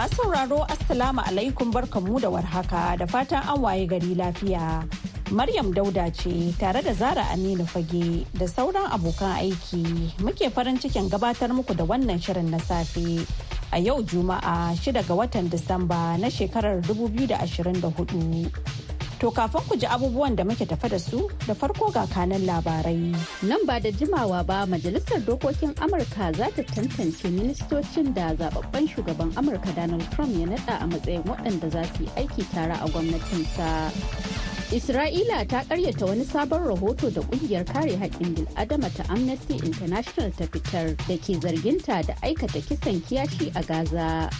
Masu sauraro Assalamu alaikum barkanmu da warhaka da fatan an waye gari lafiya. Maryam Dauda ce tare da Zara Aminu Fage da sauran abokan aiki muke farin cikin gabatar muku da wannan shirin na safe. A yau Juma'a 6 ga watan Disamba na shekarar 2024. To kafin ku ji abubuwan da muke tafa da su da farko ga kanan labarai. Nan ba da jimawa ba majalisar dokokin Amurka za ta tantance ministocin da zaɓaɓɓen shugaban Amurka Donald Trump ya nada a matsayin waɗanda za su yi aiki tare a gwamnatinsa. Isra'ila ta karyata wani sabon rahoto da ƙungiyar kare haƙƙin bil'adama ta Amnesty International ta fitar da ke zarginta da aikata kisan kiyashi a Gaza.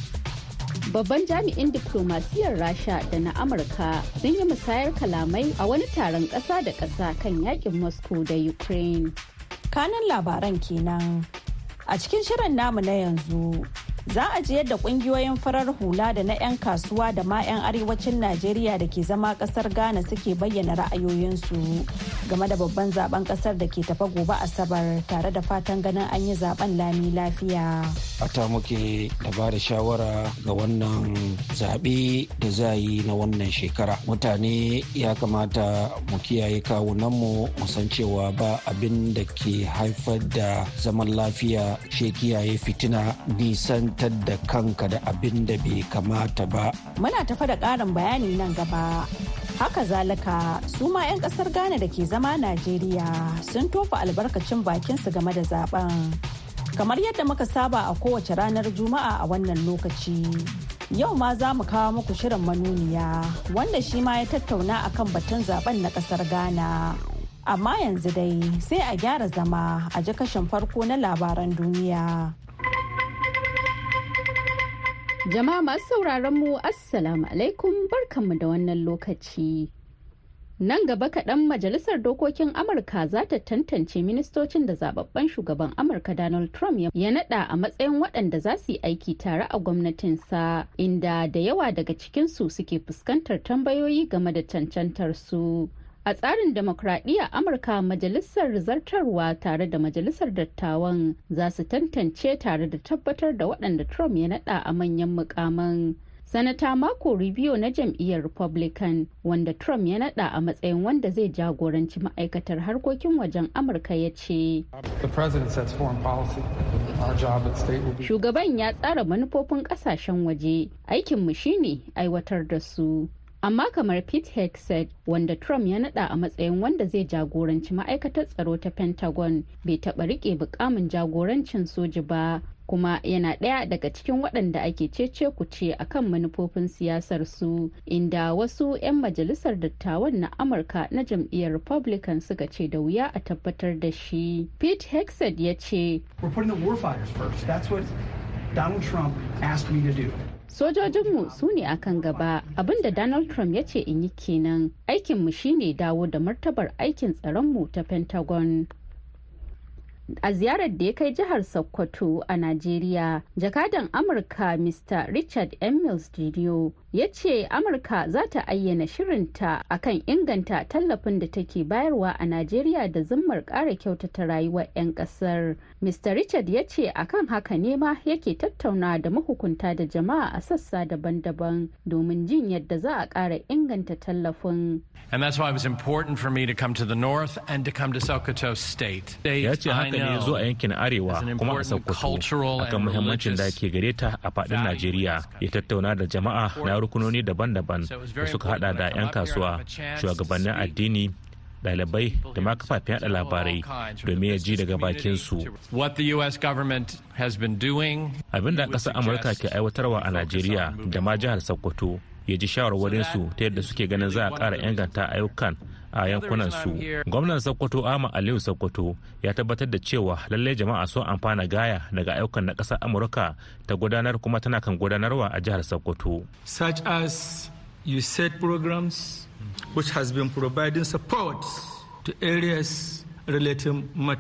babban jami'in diplomasiyyar rasha da na amurka sun yi musayar kalamai a wani taron ƙasa da ƙasa kan yakin moscow da ukraine kanan labaran kenan a cikin shirin namu na yanzu za a ji yadda kungiyoyin farar hula da na 'yan kasuwa da ma 'yan arewacin najeriya da ke zama kasar ghana suke bayyana ra'ayoyinsu game da babban zaben kasar da ke tafa gobe asabar tare da fatan ganin an yi zaben lami lafiya a ta muke da ba da shawara ga wannan zaɓe da za yi na wannan shekara mutane ya kamata mu kiyaye kawunanmu mu san cewa ba abin da ke haifar da zaman lafiya shi kiyaye fitina nisan nisantar da kanka da abin da bai kamata ba. Muna tafa da ƙarin bayani nan gaba. Haka zalika su ma 'yan ƙasar Ghana da ke zama Najeriya sun tofa albarkacin bakinsu game da zaben. Kamar yadda muka saba a kowace ranar Juma'a a wannan lokaci. Yau ma za mu kawo muku shirin manuniya wanda shi ma ya tattauna akan batun zaben na ƙasar Ghana. amma yanzu dai sai a gyara zama a ji kashin farko na labaran duniya. Jama'a masu sauraron mu Assalamu alaikum barkanmu da wannan lokaci. Nan gaba kaɗan Majalisar Dokokin Amurka za ta tantance ministocin da zababben shugaban Amurka Donald Trump ya naɗa a matsayin waɗanda za su yi aiki tare a gwamnatinsa inda da yawa daga cikinsu suke fuskantar tambayoyi game da cancantar su. a tsarin demokradiyya amurka majalisar zartarwa tare da majalisar dattawan za su tantance tare da tabbatar da waɗanda trump ya naɗa a manyan mukaman sanata mako rubio na jam'iyyar republican wanda trump ya naɗa a matsayin wanda zai jagoranci ma'aikatar harkokin wajen amurka ya ce shugaban ya tsara manufofin kasashen waje aikinmu shine aiwatar da su amma kamar pete hegseth wanda trump ya nada a matsayin wanda zai jagoranci ma'aikatar tsaro ta pentagon bai taba rike bukamin jagorancin soji ba kuma yana ɗaya daga cikin waɗanda ake cece kuce a kan manufofin siyasar su inda wasu 'yan majalisar dattawan na amurka na jam'iyyar republican suka ce da wuya a tabbatar da shi pete hexed ya ce sojojinmu su ne akan gaba abinda donald trump ya ce in yi kenan aikinmu shine dawo da martabar aikin tsaronmu ta pentagon a ziyarar da ya kai jihar sokoto a najeriya jakadan amurka mr richard m mills ya ce amurka za ta ayyana shirinta akan inganta tallafin da take bayarwa a najeriya da zimmar ƙara kyautata rayuwar 'yan kasar mr richard ya ce akan haka ne ma yake tattauna da mahukunta da jama'a a sassa daban-daban domin jin yadda za a kara inganta tallafin and that's why it was important for me to come to the north and to come to sokoto state ya ce haka ne zuwa yankin arewa kuma a sokoto akan muhimmancin da ke gare a faɗin najeriya ya tattauna da jama'a na rukunoni daban-daban da suka hada da 'yan kasuwa shugabannin addini dalibai da ma kafafen yada labarai domin ya ji daga bakin su. Abin da ƙasar Amurka ke aiwatarwa a Najeriya da ma jihar Sokoto ya ji shawarwarin su ta yadda suke ganin za a ƙara inganta ayyukan a yankunan su gwamnan sokoto ama aliyu sokoto ya tabbatar da cewa lallai jama'a sun amfana gaya daga ayyukan na ƙasar amurka ta gudanar kuma tana kan gudanarwa a jihar sokoto such as you said programs which has been providing support to areas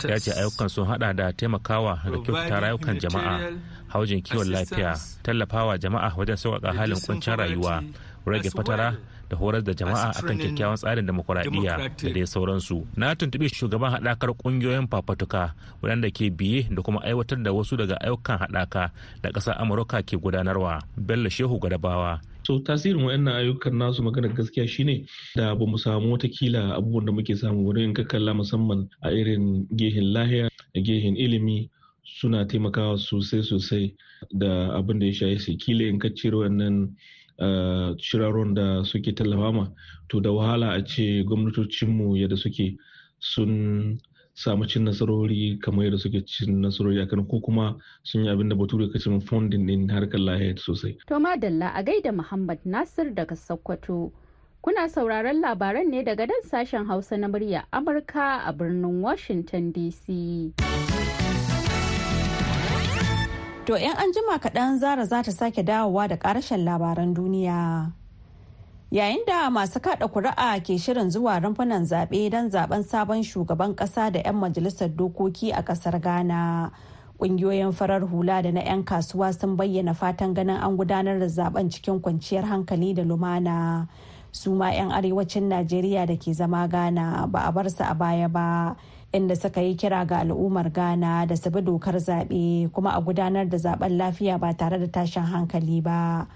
ya ce ayyukan sun hada da taimakawa da kyautata rayukan jama'a haujin kiwon lafiya tallafawa jama'a wajen sauƙaƙa halin kuncin rayuwa rage fatara da horar da jama'a akan kyakkyawan tsarin demokuraɗiyya da dai sauransu na tuntuɓi shugaban haɗakar ƙungiyoyin fafatuka waɗanda ke biye da kuma aiwatar da wasu daga ayyukan haɗaka da ƙasar amurka ke gudanarwa bello shehu gadabawa so tasirin waɗannan ayyukan nasu magana gaskiya shine da ba mu samu watakila abubuwan da muke samu wurin ka kalla musamman a irin gehin lahiya da gehin ilimi suna taimakawa sosai sosai da abin da ya shaye su kila in ka ciro wannan Eh, shiraron da suke tallafa to da wahala a ce gwamnatocinmu yadda suke sun samu cin nasarori kamar yadda suke cin nasarori a kan kuma sun yi abin da bature cin fondin din harkar lahiyar sosai. To Madalla a gaida Muhammad Nasir daga Sokoto. Kuna sauraron labaran ne daga dan sashen Hausa na murya Amurka a birnin Washington DC. To 'yan anjima kaɗan zara za ta sake dawowa da ƙarashen labaran duniya. Yayin da masu kaɗa kuri'a ke shirin zuwa rumfunan zaɓe don zaɓen sabon shugaban ƙasa da 'yan majalisar dokoki a ƙasar Ghana. Ƙungiyoyin farar hula da na 'yan kasuwa sun bayyana fatan ganin an gudanar da zaben cikin kwanciyar hankali da lumana. suma 'yan arewacin najeriya da ke zama ghana ba a bar su a baya ba inda suka yi kira ga al'ummar ghana da su bi dokar zaɓe kuma a gudanar da zaben lafiya ba tare da tashin hankali ba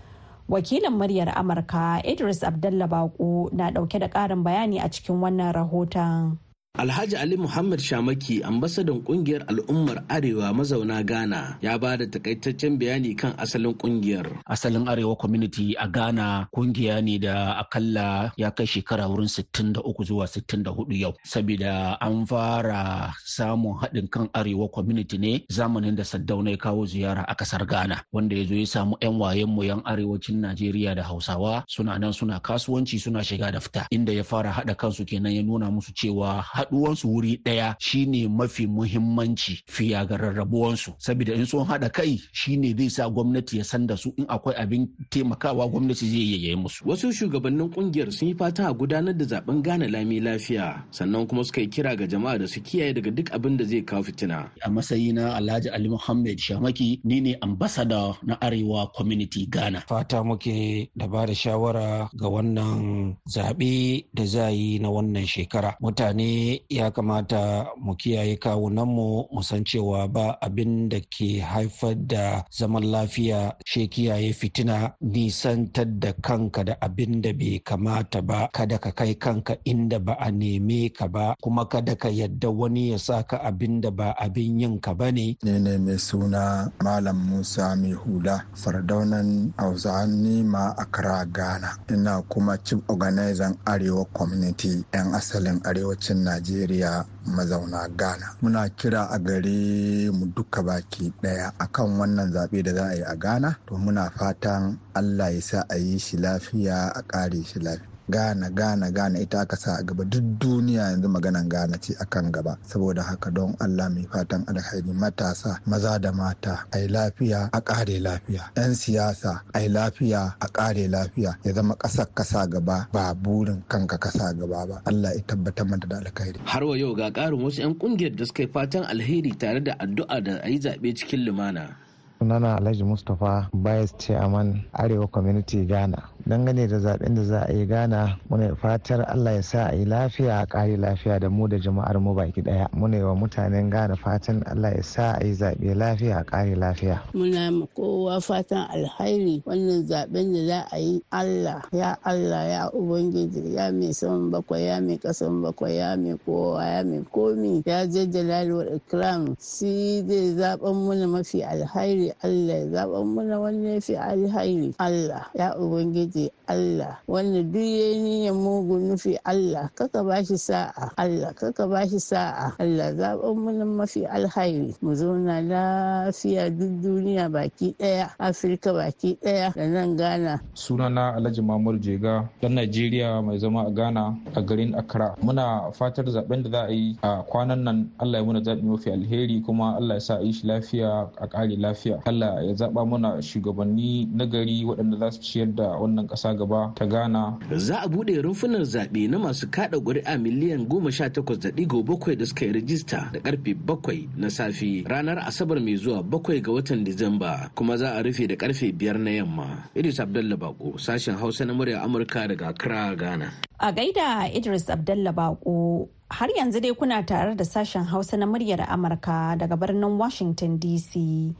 wakilin muryar amurka idris abdullabaku na ɗauke da ƙarin bayani a cikin wannan rahoton Alhaji Ali Muhammad Shamaki, ambasadan kungiyar al'ummar Arewa mazauna Ghana, ya ba da takaitaccen bayani kan asalin kungiyar. Asalin Arewa Community a Ghana kungiya ne da akalla ya kai shekara wurin 63 zuwa 64 yau. Sabida an fara samun haɗin kan Arewa Community ne zamanin da Saddauna ya kawo ziyara a ƙasar Ghana, wanda ya zo ya samu 'yan wayen mu 'yan arewacin Najeriya da Hausawa suna nan suna kasuwanci suna shiga da fita, inda ya fara haɗa kansu kenan ya nuna musu cewa haɗuwansu wuri ɗaya shine mafi muhimmanci fiya ga rarrabuwansu saboda in sun haɗa kai shine zai sa gwamnati ya san da su in akwai abin taimakawa gwamnati zai yayi musu wasu shugabannin kungiyar sun yi fata a gudanar da zaben gane lami lafiya sannan kuma suka yi kira ga jama'a da su kiyaye daga duk abin da zai kawo fitina a matsayi na alhaji ali muhammad shamaki ni ne ambasada na arewa community ghana fata muke da ba da shawara ga wannan zaɓe da za yi na wannan shekara mutane ya kamata mu kiyaye kawunanmu mu san cewa ba abin da ke haifar da zaman lafiya she kiyaye fitina nisantar da kanka da abin da bai kamata ba kada ka kai kanka inda ba a neme ka ba kuma kada ka yadda wani ya ka abin da ba abin yin ka ba ne. Ne ne mai suna Malam Musa mai hula fardaunan Hausa'an ma Accra Ghana ina kuma chief organizer Arewa Community 'yan asalin arewacin Najeriya. Najeriya mazauna Ghana. Muna kira a gare mu duka baki ɗaya akan wannan zaɓe da za a yi a Ghana, to muna fatan Allah ya sa a yi shi lafiya a ƙare shi lafiya. Gana gana gana ita aka sa a gaba duk duniya yanzu maganan gana ce akan gaba saboda haka don Allah mai fatan alhaji matasa maza da mata a yi lafiya a kare lafiya yan siyasa a yi lafiya a kare lafiya ya zama kasar kasa gaba ba burin kanka kasa gaba ba Allah ya tabbatar mata da alkhairi har wa yau ga karin wasu yan kungiyar da suka yi fatan alheri tare da addu'a da ayi zaɓe cikin lumana sunana alhaji mustapha bayes chairman arewa community ghana dangane da zaɓen da za a yi ghana muna fatar allah ya sa a yi lafiya a ƙari lafiya da mu da jama'ar mu baki daya muna yi wa mutanen ghana fatan allah ya sa a yi zaɓe lafiya a ƙari lafiya muna ma kowa fatan alhairi wannan zaɓen da za a yi allah ya allah ya ubangiji ya mai saman bakwai ya mai kasan bakwai ya mai kowa ya mai komi ya jaddala ikram si zai zaben muna mafi alhairi Allah ya muna mana ya fi alhairi Allah ya Ubangiji Allah wanda duk ya mugu nufi Allah kaka ba shi sa'a Allah kaka ba shi sa'a Allah zaɓa muna mafi alhairi mu zauna lafiya duk duniya baki ɗaya Afirka baki ɗaya da nan Ghana. Suna na Alhaji Mamur Jega ɗan Najeriya mai zama a Ghana a garin Accra. Muna fatar zaɓen da za a yi a kwanan nan Allah ya muna zaɓi mafi alheri kuma Allah ya sa a yi shi lafiya a ƙare lafiya. Allah ya zaba mana shugabanni na gari waɗanda za su ciyar da wannan ƙasa gaba ta Ghana. Za a buɗe rumfunan zaɓe na masu kaɗa ƙuri'a miliyan goma sha takwas da ɗigo bakwai da suka yi rajista da ƙarfe bakwai na safe ranar Asabar mai zuwa bakwai ga watan Disamba kuma za a rufe da ƙarfe biyar na yamma. Idris Abdallah Bako sashen Hausa na murya Amurka daga Accra Ghana. A gaida Idris Abdallah Bako har yanzu dai kuna tare da sashen Hausa na muryar Amurka daga birnin Washington DC.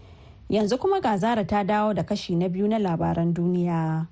Yanzu kuma ga zara ta dawo da kashi na biyu na labaran duniya.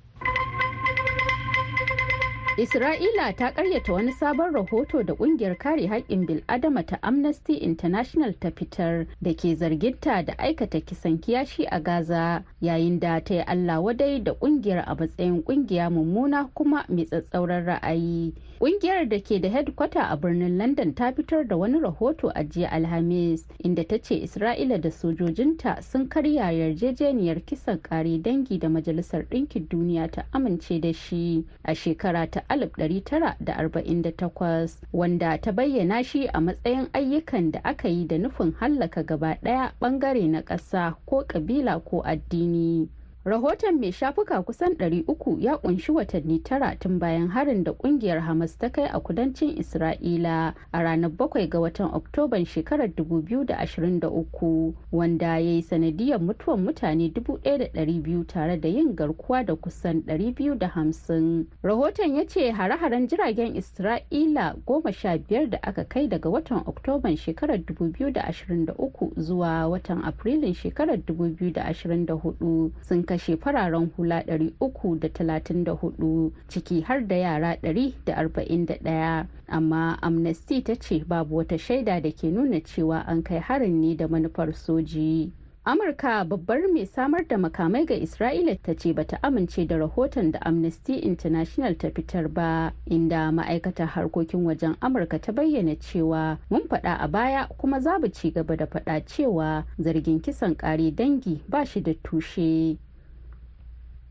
Isra'ila ta karyata wani sabon rahoto da kungiyar kare haƙƙin bil'adama ta Amnesty International ta fitar da ke zarginta da aikata kisan kiyashi a Gaza yayin da ta yi Allah wadai da kungiyar a matsayin kungiya mummuna kuma mai tsatsauran ra'ayi. Ƙungiyar da ke da hedkwata a birnin London ta fitar da wani rahoto a jiya Alhamis inda ta ce Isra'ila da sojojinta sun karya yarjejeniyar kisan kare dangi da Majalisar Ɗinkin Duniya ta amince da shi a shekara ta 1948 wanda ta bayyana shi a matsayin ayyukan da aka yi da nufin hallaka gaba ɗaya ɓangare na ƙasa ko ƙabila ko addini. rahoton mai shafuka kusan 300 ya kunshi watanni tara tun bayan harin da kungiyar hamas ta kai a kudancin isra'ila a ranar 7 ga watan oktoban shekarar 2023 wanda ya yi sanadiyar mutuwan mutane 1,200 tare da yin garkuwa da kusan 250 rahoton ya ce hare-haren jiragen isra'ila 15 da aka kai daga watan oktoban shekarar 2023 zuwa watan afrilun shekarar 2024 sun kashe fararen hula 334 ciki har da yara 141 amma amnesty ta ce babu wata shaida da ke nuna cewa an kai harin ne da manufar soji amurka babbar mai samar da makamai ga isra'ila ta ce bata amince da rahoton da amnesty international ta fitar ba inda ma'aikatar harkokin wajen amurka ta bayyana cewa mun faɗa a baya kuma za bu ci gaba da faɗa cewa zargin kisan kare dangi ba shi da tushe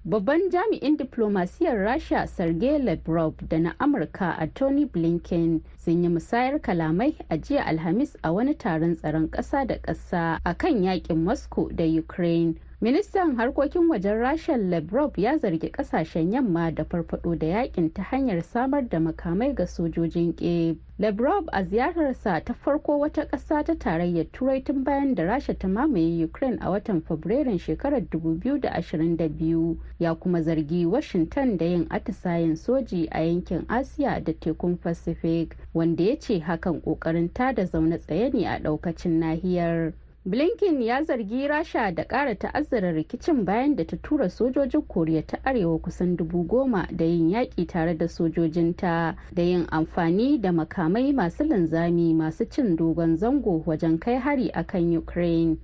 babban jami'in diplomasiyar rasha sergei lavrov da na amurka a tony blinken sun yi musayar kalamai a jiya alhamis a wani taron tsaron ƙasa da ƙasa a kan yakin moscow da ukraine ministan harkokin wajen rashen lebrov ya zargi kasashen yamma da farfado da yakin ta hanyar samar da makamai ga sojojin kiev lebrov a ziyararsa ta farko wata ƙasa ta tarayyar turai tun bayan da rasha ta mamaye ukraine a watan fabrairun shekarar 2022 ya kuma zargi washington da yin atisayen soji a yankin asiya da tekun pacific wanda ya ce hakan ƙoƙarin da zaune tsaye ne a ɗaukacin nahiyar blinken ya zargi rasha da ƙara ta'azzara rikicin bayan da ta tura sojojin koriya ta arewa kusan dubu goma da yin yaƙi tare da sojojinta da yin amfani da makamai masu linzami masu cin dogon zango wajen kai hari a kan ukraine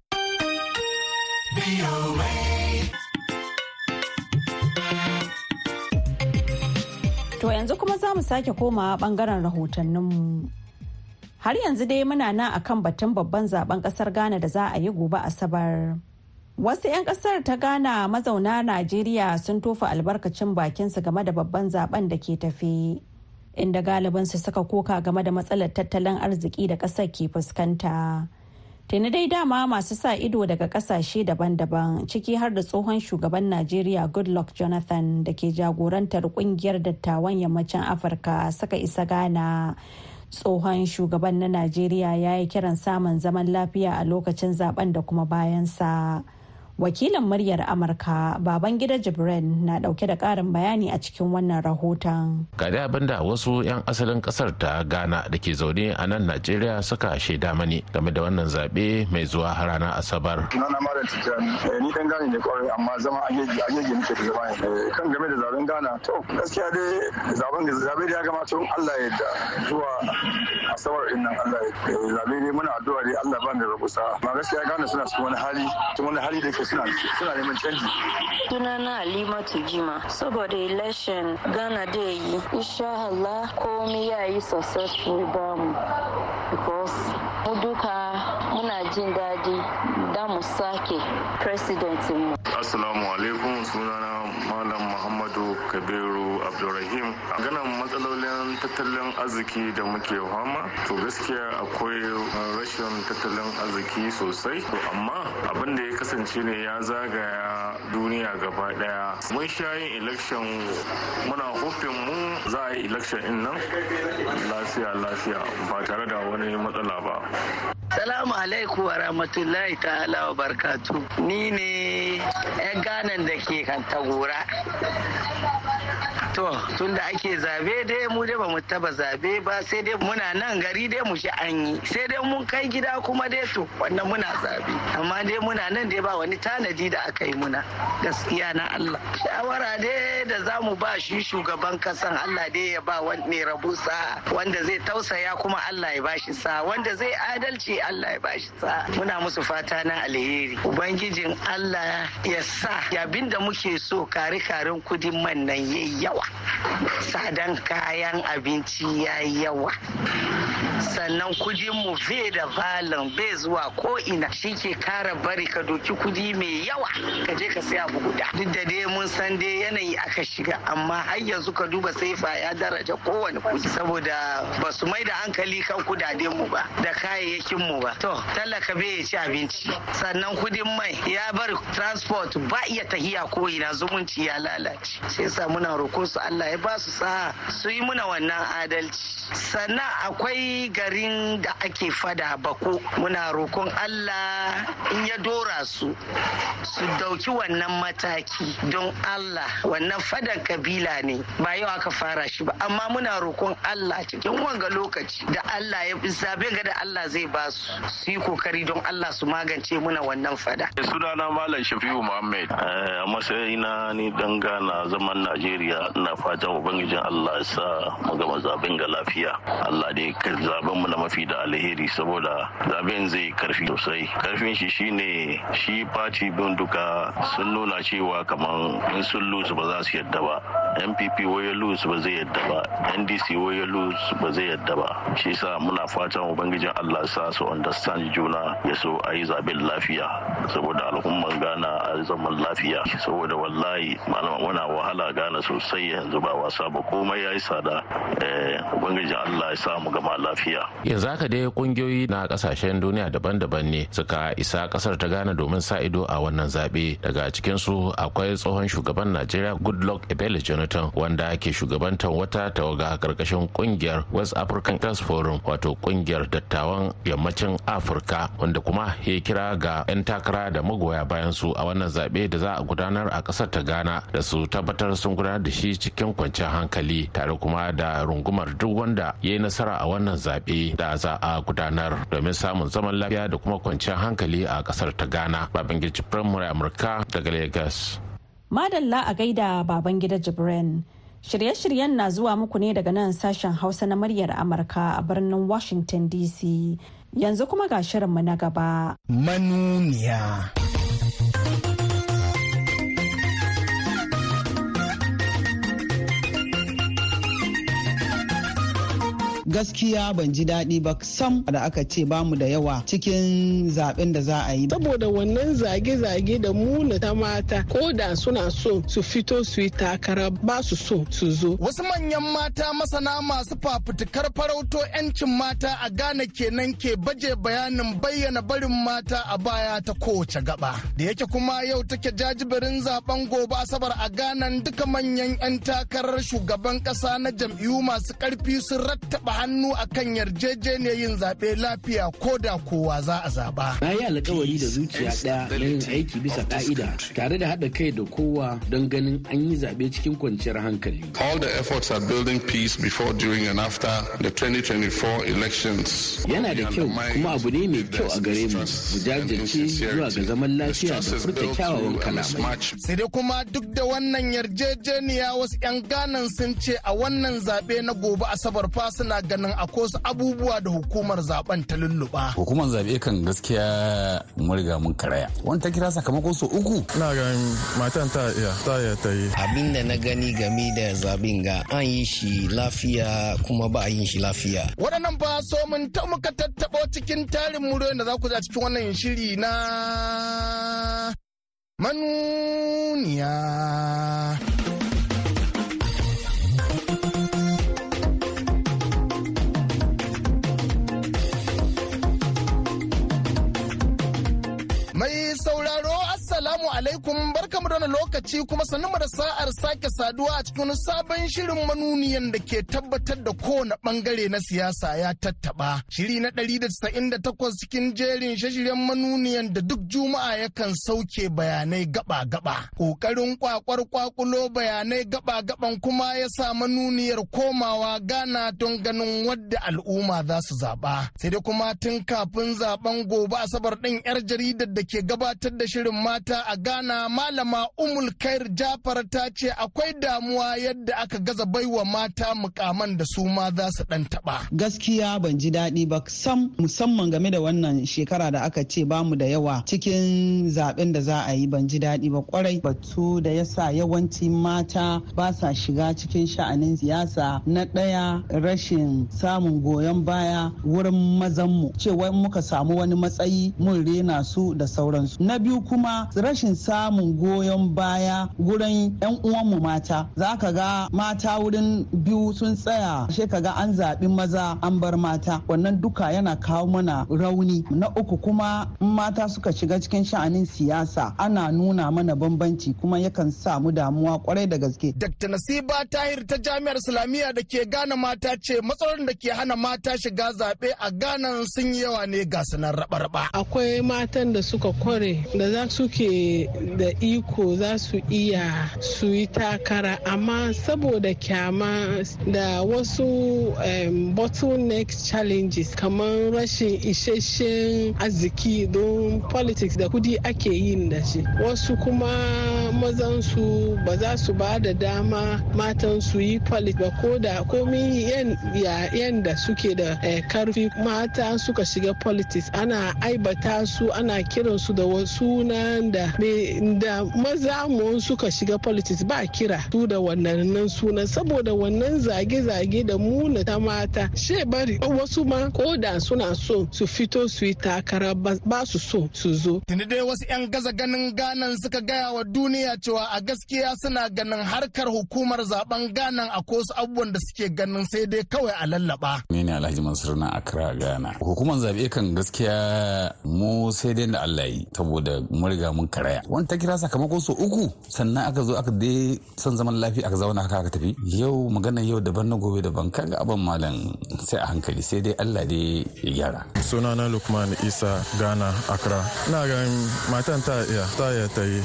To yanzu kuma za mu sake komawa bangaren rahotanninmu. har yanzu dai muna nan akan batun babban zaben kasar ghana da za a yi gobe asabar wasu 'yan kasar ta ghana mazauna najeriya sun tofa albarkacin bakinsu game da babban zaben da ke tafe inda galibansu suka koka game da matsalar tattalin arziki da kasar ke fuskanta tuni dai dama masu sa ido daga kasashe daban-daban ciki har da tsohon shugaban najeriya goodluck jonathan da ke jagorantar kungiyar dattawan yammacin afirka suka isa ghana tsohon shugaban na najeriya ya yi kiran samun zaman lafiya a lokacin zaben da kuma bayansa wakilin muryar amurka baban gida jibrin na dauke da karin bayani a cikin wannan rahoton ga da wasu 'yan asalin kasar ta ghana da ke zaune a nan najeriya suka shaida mani game da wannan zaɓe mai zuwa ranar asabar sunana mara eh, ni dan gane ne kawai amma zama an yi an yi nake da zama eh, kan game da zaben ghana to gaskiya dai zaben zabe da ya gamata in Allah ya yarda zuwa asabar din nan Allah ya eh, zabe ne muna addu'a dai Allah ba ni rubusa amma gaskiya ghana suna cikin wani hali cikin wani hali da ke suna suna neman canji sunana halima tujima saboda election ghana da yi insha Allah komai ya yi successful ba mu because mu duka muna jin daɗi mu sake presidentinmu. Assalamu alaikum sunana Malam Muhammadu Kabiru Abdulrahim. Ganin matsalolin tattalin arziki da muke fama, to gaskiya akwai rashin tattalin arziki sosai, to amma abin da ya kasance ne ya zagaya duniya gaba daya. Mun sha yin election muna hofin mu za a yi election in nan lafiya lafiya ba tare da wani matsala ba. Assalamu alaikum wa rahmatullahi ta'ala wa barkatu. Ni ne 'yan ganan da ke kan tagora. to tunda ake zabe dai mu dai bamu taba zabe ba sai dai muna nan gari dai mu shi an yi sai dai mun kai gida kuma dai to wannan muna zabe amma dai muna nan dai ba wani tanadi da aka yi muna gaskiya na Allah shawara dai da zamu ba shi shugaban kasan Allah dai ya ba wani rabu sa wanda zai tausaya kuma Allah ya bashi sa wanda zai adalci Allah ya bashi sa muna musu fata na alheri ubangijin Allah ya sa yabin da muke so kare karen kudin man nan yayi yawa tsadan kayan abinci ya yi yawa sannan mu bai da valin bai zuwa ko ina shi ke kara bari ka doki kudi mai yawa ka je ka sai abu guda duk da dai mun san dai yanayi aka shiga amma har yanzu ka duba saifa ya daraja kowane kudi saboda ba su mai da hankali kan kudaden mu ba da kayayyakin mu ba to talaka bai ya ci abinci sannan kudin mai ya bar transport ba iya tahiya ko ina zumunci ya lalace sai sa muna roƙo musu Allah ya ba su sa'a su yi muna wannan adalci sannan akwai garin da ake fada bako muna rokon Allah in ya dora su su dauki wannan mataki don Allah wannan fadan kabila ne ba yau aka fara shi ba amma muna rokon Allah cikin wanga lokaci da Allah ya zabe ga da Allah zai ba su su yi kokari don Allah su magance muna wannan fada sunana malam Shafi'u Muhammad eh, a matsayina ni dan Ghana zaman Najeriya ina fatan ubangijin Allah ya sa mu gama zaben ga lafiya Allah da ya zaben mu na mafi da alheri saboda zaben zai karfi sosai karfin shi shine shi fati bin duka sun nuna cewa kamar in sun lusu ba za su yadda ba npp waya lose ba zai yadda ba ndc waya lose ba zai yadda ba shi sa muna fatan ubangijin allah sa su understand juna ya so a yi zaben lafiya saboda al'umman gana a zaman lafiya saboda wallahi malama muna wahala gana sosai yanzu ba wasa ba komai ya yi tsada eh, ubangijin allah ya sa mu gama lafiya yanzu haka dai kungiyoyi na kasashen duniya daban-daban ne suka isa kasar ta gana domin sa ido a wannan zaɓe daga cikinsu akwai tsohon shugaban najeriya goodluck ebele jonathan jonathan wanda ke shugabantar wata tawaga karkashin kungiyar west african Task forum wato kungiyar dattawan yammacin afirka wanda kuma ya kira ga 'yan takara da magoya bayan su a wannan zaɓe da za a gudanar a ƙasar ta ghana da su tabbatar sun gudanar da shi cikin kwanciyar hankali tare kuma da rungumar duk wanda ya yi nasara a wannan zaɓe da za a gudanar domin samun zaman lafiya da kuma kwanciyar hankali a ƙasar ta ghana babangirci firamare amurka daga lagos Madalla a gaida baban gida Jibrin. Shirye-shiryen na zuwa muku ne daga nan sashen Hausa na muryar Amurka a birnin Washington DC. Yanzu kuma ga shirinmu na gaba. Manuniya. gaskiya ban ji daɗi ba sam da aka ce bamu da yawa cikin zaben da za a yi. Saboda wannan zage-zage da muna ta mata ko da suna so su fito su yi takara ba su so su zo. Wasu manyan mata masana masu fafutukar farauto 'yancin mata a Ghana kenan ke baje bayanin bayyana barin mata a baya ta kowace gaba. Da yake kuma yau take jajibirin zaben gobe asabar a Ghana duka manyan 'yan takarar shugaban ƙasa na jam'iyyu masu ƙarfi sun rattaba hannu akan yarjejeniyar yin zaɓe lafiya ko da kowa za a zaɓa. Na yi alkawari da zuciya ɗaya na yin aiki bisa ƙa'ida tare da haɗa kai da kowa don ganin an yi zaɓe cikin kwanciyar hankali. All the efforts are building peace before, during and after the 2024 elections. Yana da kyau kuma abu ne mai kyau a gare mu mu jajirce zuwa ga zaman lafiya da furta kyawawan kalamai. Sai dai kuma duk da wannan yarjejeniya wasu 'yan ganan sun ce a wannan zaɓe na gobe Asabar fa suna ganin akwai wasu abubuwa da hukumar zaben ta lulluɓa. Hukumar zaɓe kan gaskiya murga mun karaya. Wani ta kira sakamakon su uku. Ina ganin matan ta iya ta iya ta yi. Abin da na gani game da zaɓen ga an yi shi lafiya kuma ba a yi shi lafiya. Waɗannan ba so mun ta muka tattaɓo cikin tarin muryoyin da za ku za cikin wannan shiri na manuniya. wani lokaci kuma sannu da sa'ar sake saduwa a cikin sabon shirin manuniyan da ke tabbatar da kowane bangare na siyasa ya tattaba. Shiri na 198 cikin jerin shashiryan manuniyan da duk juma'a yakan sauke bayanai gaba-gaba. Kokarin kwakwar kwakulo bayanai gaba-gaban kuma ya sa manuniyar komawa gana don ganin wadda al'umma za su zaɓa. Sai dai kuma tun kafin zaben gobe Asabar ɗin 'yar jaridar da ke gabatar da shirin mata a Ghana malama umul kair jafar ta ce akwai damuwa yadda aka gaza baiwa mata mukaman da su ma za su dan taba gaskiya ban ji daɗi ba sam musamman game da wannan shekara da aka ce bamu da yawa cikin zaben da za a yi ban ji daɗi ba kwarai batu da yasa yawanci mata ba sa shiga cikin sha'anin siyasa na ɗaya rashin samun goyon baya wurin mazanmu cewa muka samu wani matsayi mun rena su da sauransu na biyu kuma rashin samun goyon goyon baya wurin 'yan uwanmu mata za ka ga mata wurin biyu sun tsaya she ka ga an zaɓi maza an bar mata wannan duka yana kawo mana rauni na uku kuma mata suka shiga cikin sha'anin siyasa ana nuna mana bambanci kuma yakan samu damuwa kwarai da gaske dr nasiba tahir ta jami'ar islamiyya da ke gane mata ce matsalolin da ke hana mata shiga zaɓe a ghana sun yi yawa ne ga sanar raba-raba akwai matan da suka kware da za suke da iko ko za su iya su yi takara amma saboda kyama da wasu um, bottleneck challenges kamar rashin isasshen arziki don politics da kudi ake yin da shi wasu kuma mazan su ba za su ba da dama matan su yi kwali ba ko da komi yan da suke da eh, karfi mata suka shiga politics ana aibata su ana kiran su da sunan da da maza mu suka shiga politics ba kira su da wannan sunan saboda wannan zage-zage da muna ta mata she bari wasu ma ko da suna so su fito su yi takara ba su so su zo. Tuni dai wasu 'yan gaza ganin ganan suka gaya wa duniya duniya cewa a gaskiya suna ganin harkar hukumar zaben Ghana a kosu abubuwan da suke ganin sai dai kawai a lallaba. Ni ne Alhaji Mansur na Accra Ghana. Hukumar zaɓe kan gaskiya mu sai dai da Allah yi saboda mun riga mun karaya. Wani ta kira sakamakon su uku sannan aka zo aka dai son zaman lafiya aka zauna haka aka tafi. Yau magana yau daban na gobe daban kaga abin malam sai a hankali sai dai Allah dai ya gyara. Sunana Lukman Isa Ghana Accra. Ina ganin matan ta iya ta iya ta yi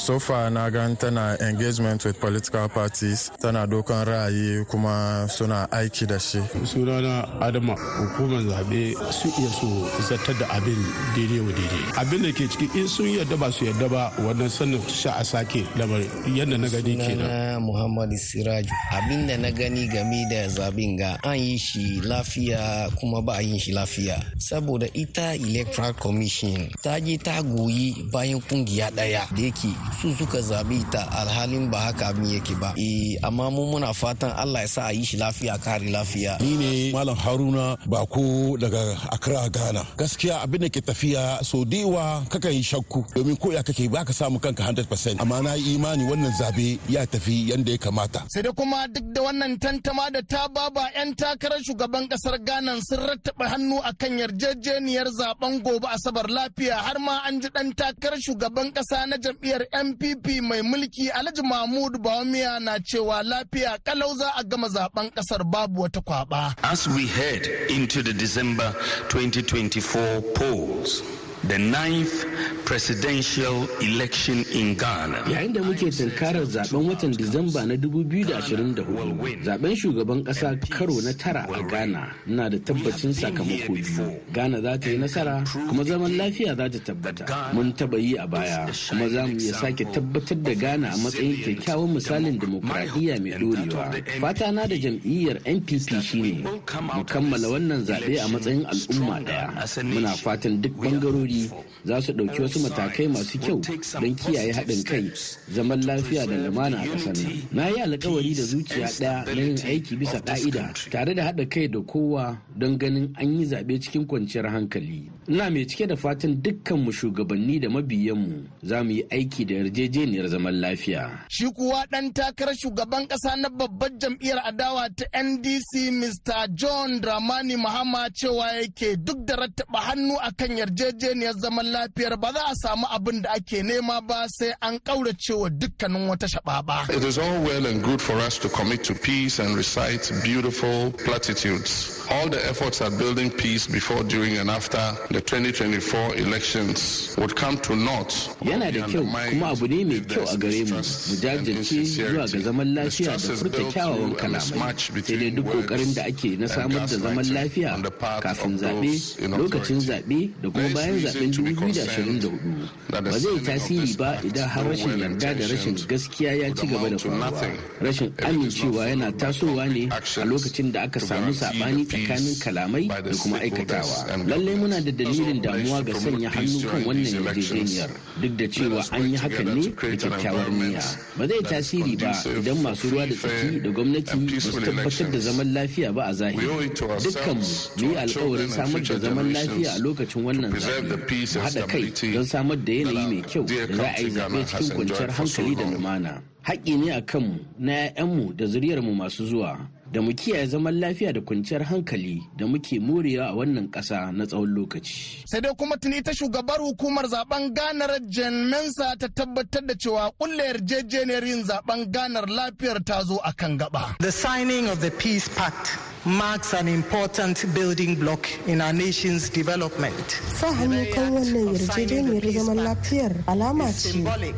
so far na gan tana engagement with political parties tana dokan ra'ayi kuma suna aiki da shi sunana adama hukumar zaɓe su iya su zartar da abin daidai wa daidai abin da ke ciki in sun yadda ba su yadda ba wannan sannan sha a sake lamarin yadda na gani kenan muhammadu siraj abin da na gani game da zaɓen ga an yi shi lafiya kuma ba a yin shi lafiya saboda ita electoral commission ta je ta goyi bayan kungiya daya da yake su suka zabi ta alhalin ba haka abin yake ba eh amma mu muna fatan Allah ya sa a yi shi lafiya kare lafiya ni ne malam haruna bako daga accra ghana gaskiya abin da ke tafiya so dewa kakan yi shakku domin ko ya kake ba ka samu kanka 100% amma na yi imani wannan zabe ya tafi yanda ya kamata sai da kuma duk da wannan tantama da ta baba yan takarar shugaban kasar ghana sun rattaba hannu akan yarjejeniyar zaben gobe asabar lafiya har ma an ji dan takarar shugaban kasa na jam'iyyar NPP mai mulki Alhaji Mahmud Bawumia na cewa lafiya kalau za a gama zaben kasar babu wata kwaba. As we head into the December 2024 polls, the ninth presidential election in Ghana. Yayin da muke tunkarar zaben watan Disamba na 2024, zaben shugaban kasa karo na tara a Ghana na da tabbacin sakamako biyu. Ghana za ta yi nasara kuma zaman lafiya za ta tabbata. Mun taba yi a baya kuma za mu iya sake tabbatar da Ghana a matsayin kyakkyawan misalin demokradiyya mai dorewa. Fata na da jam'iyyar NPP shine mu kammala wannan zaɓe a matsayin al'umma ɗaya. Muna fatan duk bangarori za su ɗauki wasu matakai masu kyau don kiyaye haɗin kai zaman lafiya da lumana a ƙasar nan na yi alkawari da zuciya ɗaya na yin aiki bisa ƙa'ida tare da haɗa kai da kowa don ganin an yi zaɓe cikin kwanciyar hankali ina mai cike da fatan dukkanmu shugabanni da mabiyanmu za mu yi aiki da yarjejeniyar zaman lafiya. Shi kuwa ɗan takarar shugaban ƙasa na babbar jam'iyyar adawa ta NDC Mr. John Dramani Mahama cewa yake duk da rattaba hannu akan yarjejeniyar zaman lafiyar ba za a samu abin da ake nema ba sai an ƙauracewa dukkanin wata shababa It is all well and good for us to commit to peace and recite beautiful platitudes. All the efforts are building peace before, during and after the the 2024 elections would come to naught. Yana da kyau kuma abu ne mai kyau a gare mu mu jajirce zuwa ga zaman lafiya da furta kyawawan kalamai sai dai duk kokarin da ake na samar da zaman lafiya kafin zaɓe lokacin zaɓe da kuma bayan zaɓen 2024 ba zai tasiri ba idan har rashin yarda da rashin gaskiya ya ci gaba da faruwa rashin amincewa yana tasowa ne a lokacin da aka samu saɓani tsakanin kalamai da kuma aikatawa lallai muna da dalilin damuwa ga sanya hannu kan wannan yarjejeniyar duk da cewa an yi hakan ne da kyakkyawar niyya ba zai tasiri ba idan masu ruwa da tsaki da gwamnati ba su tabbatar da zaman lafiya ba a zahiri dukkan mu yi alkawarin samar da zaman lafiya a lokacin wannan zaɓe haɗa kai don samar da yanayi mai kyau da za a yi zaɓe cikin kwanciyar hankali da lumana haƙƙi ne a kanmu na 'ya'yanmu da zuriyarmu masu zuwa da mu kiyaye zaman lafiya da kwanciyar hankali da muke morewa a wannan ƙasa na tsawon lokaci. Sai dai kuma tuni ta shugabar hukumar zaben ganar Jen Mensa ta tabbatar da cewa kulle yarjejeniyar yin zaben ganar lafiyar ta zo a kan gaba. The signing of the peace pact marks an important building block in our nation's development. Sa hannu kan wannan yarjejeniyar zaman lafiyar alama ce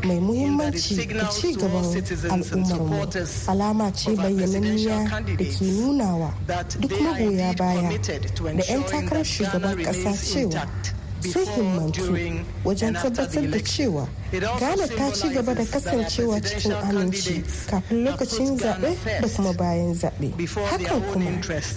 mai muhimmanci da ci gaban mu, Alama ce bayyananniya da ke nunawa duk magoya baya da 'yan takarar shugaban ƙasa cewa sun himmantu wajen tabbatar da cewa ghana ta ci gaba da kasancewa cikin aminci kafin lokacin zaɓe da kuma bayan zaɓe hakan kuma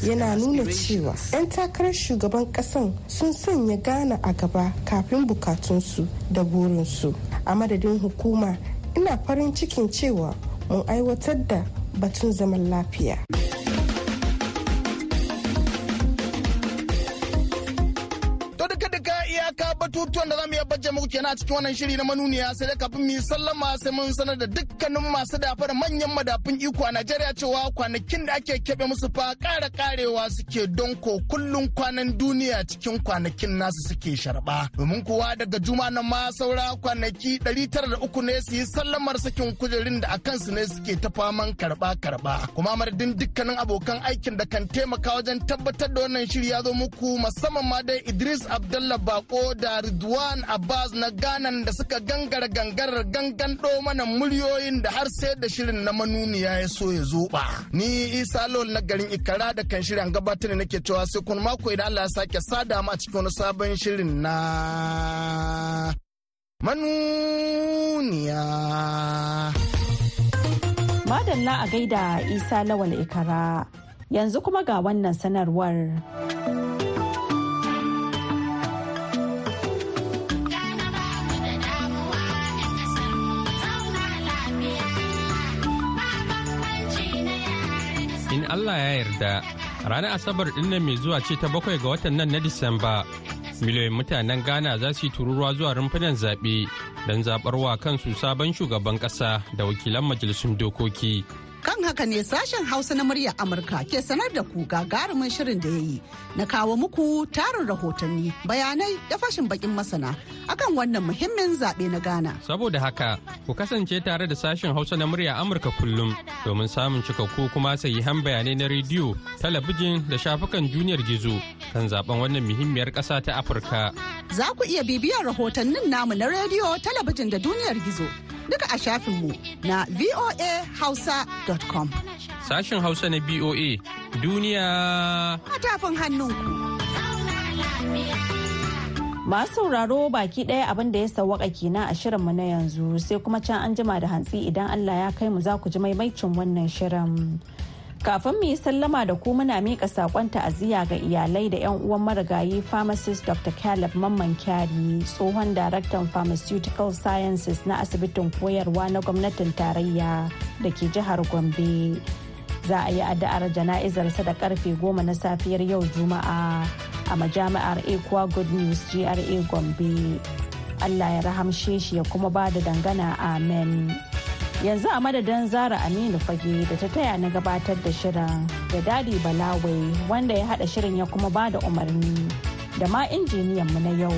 yana nuna cewa 'yan takarar shugaban ƙasan sun sanya ghana a gaba kafin bukatunsu da burinsu a madadin hukuma ina farin cikin cewa mun aiwatar da batun zaman lafiya. kutenda dhambi ya ce muku kenan a cikin wannan shiri na manuniya sai dai kafin mu yi sallama sai mun sanar da dukkanin masu dafa da manyan madafin iko a Najeriya cewa kwanakin da ake keɓe musu fa ƙara ƙarewa suke don ko kullum kwanan duniya cikin kwanakin nasu suke sharba Domin kuwa daga juma na ma saura kwanaki 903 ne su yi sallamar sakin kujerin da a kansu ne suke ta faman karba karba Kuma madadin dukkanin abokan aikin da kan taimaka wajen tabbatar da wannan shiri ya zo muku musamman ma dai Idris Abdullah Bako da Ridwan Abba Abbas na Ghana da suka gangara gangarar gangan mana muryoyin da har sai da shirin na manuniya ya so ya zoba. Ni Isa Lawal na garin Ikara da kan shirin gabatar nake cewa sai kun mako idan Allah ya sake sada mu a cikin wani sabon shirin na manuniya. Madalla a gaida Isa Lawal Ikara yanzu kuma ga wannan sanarwar. Allah ya yarda ranar Asabar ɗin nan mai zuwa ce ta bakwai ga watan nan na Disamba. Miliyoyin mutanen Ghana za su yi tururuwa zuwa rumfunan zaɓe don zaɓar wa kansu sabon shugaban ƙasa da wakilan majalisun dokoki Kan haka ne sashen Hausa na murya Amurka ke sanar da ku gagarumin shirin da ya yi na kawo muku tarin rahotanni, bayanai da fashin bakin masana akan wannan muhimmin zaɓe na Ghana. Saboda haka, ku kasance tare da sashen Hausa na murya Amurka kullum domin samun cikakku kuma sayi han bayanai na rediyo, talabijin da shafukan duniyar gizo kan zaben wannan muhimmiyar ƙasa ta Afirka. Za ku iya bibiyar rahotannin namu na rediyo, talabijin da duniyar gizo duka a shafin mu na voahausa.com. Sashen Hausa na BOA duniya a tafin hannunku. Masu sauraro baki ɗaya abin da ya sawwaka kenan a shirinmu na yanzu sai kuma can an jima da hantsi idan Allah ya kai mu za ku ji maimaicin wannan shirin. Kafin mu yi sallama da ku muna miƙa saƙon ta'aziyya ga iyalai da 'yan uwan marigayi pharmacist Dr. Caleb Mamman Kyari, tsohon daraktan Pharmaceutical Sciences na asibitin koyarwa na gwamnatin tarayya da ke jihar Gombe. Za a yi addu'ar jana'izarsa da karfe goma na safiyar yau Juma'a a majami'ar Equa Good News GRA Gombe. Allah ya rahamshe shi ya kuma ba da dangana Amen. yanzu a madadin zara aminu fage da ta taya na gabatar da shirin da dadi balawai wanda ya hada shirin ya kuma ba da umarni da ma injiniyan mu na yau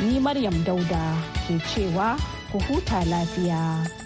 ni maryam dauda ke cewa ku huta lafiya.